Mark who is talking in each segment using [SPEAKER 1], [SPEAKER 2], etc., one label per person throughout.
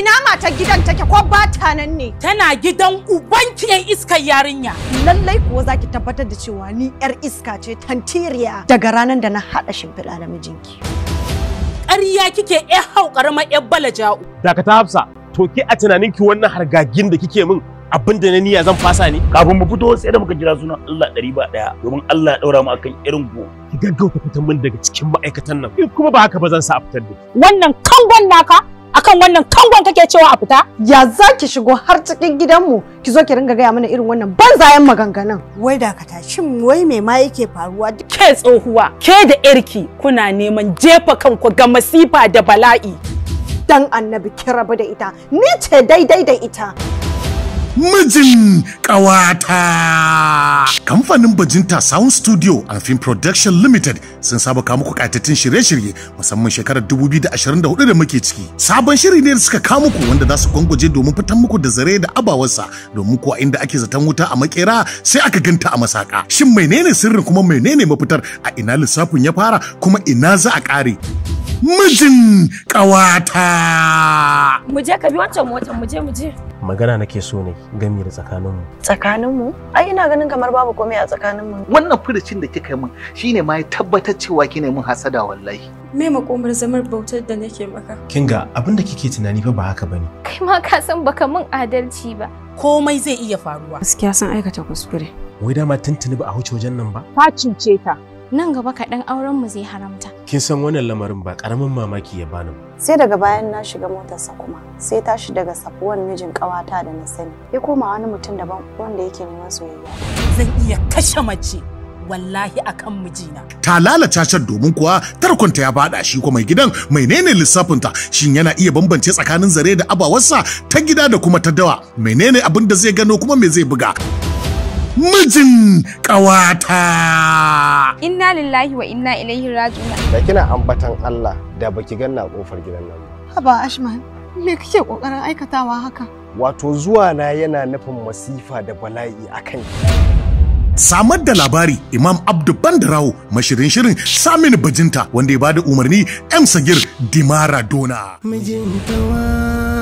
[SPEAKER 1] ina matar gidan take ko ba ta nan ne? Tana gidan ubanki yan iskar yarinya. Lallai kuwa zaki tabbatar da cewa ni yar iska ce tantiriya daga ranar da na haɗa shimfiɗa da mijinki. Ƙarya kike ƴan hau ƙaramar ƴan balaja'u. ta Hafsa, to ki a ki wannan hargagin da kike min abin da na niyya zan fasa ne kafin mu fito sai da muka jira sunan Allah ɗari ba ɗaya domin Allah ya ɗaura mu akan irin go ki gaggauta fitan min daga cikin ma'aikatan nan kuma ba haka ba zan sa a fitar da wannan kangon naka dukkan wannan kangon kake cewa a fita ya za ki shigo har cikin gidanmu ki zo ki ringa gaya mana irin wannan zayen maganganun wai dakata tashi wai me ma yake faruwa ke tsohuwa ke da irki kuna neman jefa kanku ga masifa da bala'i dan annabi ki rabu da ita ni ce daidai da ita mijin ƙawata kamfanin bajinta sound studio and film production limited sun saba kawo muku kayatattun shirye-shirye musamman shekarar 2024 da muke ciki sabon shiri ne da suka kawo muku wanda za su gwangwaje domin fitar muku da zare da abawarsa domin kuwa inda ake zaton wuta a makera sai aka ganta a masaka shin menene sirrin kuma menene mafitar a ina lissafin ya fara kuma ina za a kare mijin kawata mu je ka bi wancan mu je magana nake so ne gami da tsakaninmu. Tsakaninmu? Ai ina ganin kamar babu komai a tsakaninmu. Wannan furucin da kika min shine ma ya tabbatar cewa kina mun hasada wallahi. Me makomar zamar bautar da nake maka? Kinga abin da kike tunani fa ba haka bane. Kai ma ka san baka mun adalci ba. Komai zai iya faruwa. Gaskiya san aikata kuskure. Wai dama tuntuni ba a huce wajen nan ba? Ka cince ta. nan gaba kaɗan auren mu zai haramta. Kin san wannan lamarin ba ƙaramin mamaki ya bani ba. Sai daga bayan na shiga motarsa kuma sai tashi daga safuwan mijin ƙawata da na sani ya koma wani mutum daban wanda yake neman soyayya. Zan iya kashe mace wallahi akan mijina. Ta lalata can domin kuwa tarkonta ya bada shi kuma gidan mai nene lissafinta shin yana iya bambance tsakanin zare da abawarsa ta gida da kuma ta dawa menene abin da zai gano kuma me zai buga. mijin ƙawata. Inna lillahi wa inna ilaihi raji'un. Da kina ambatan Allah da baki ganna kofar gidan nan ba. Haba Ashman, me kake kokarin aikatawa haka? Wato zuwa na yana nufin masifa da bala'i akan samar da labari imam abdu bandarawo mashirin shirin samin bajinta wanda ya bada umarni m sagir dimara dona kawata.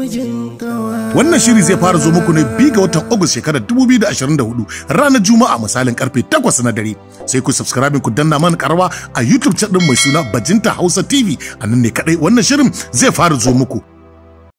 [SPEAKER 1] Wannan shiri zai fara zo muku ne bi ga watan Agus shekarar 2024 ranar Juma'a misalin karfe 8 na dare. Sai ku subscribe ku danna mana karawa a YouTube channel mai suna Bajinta Hausa TV. A nan ne kadai wannan shirin zai fara zo muku.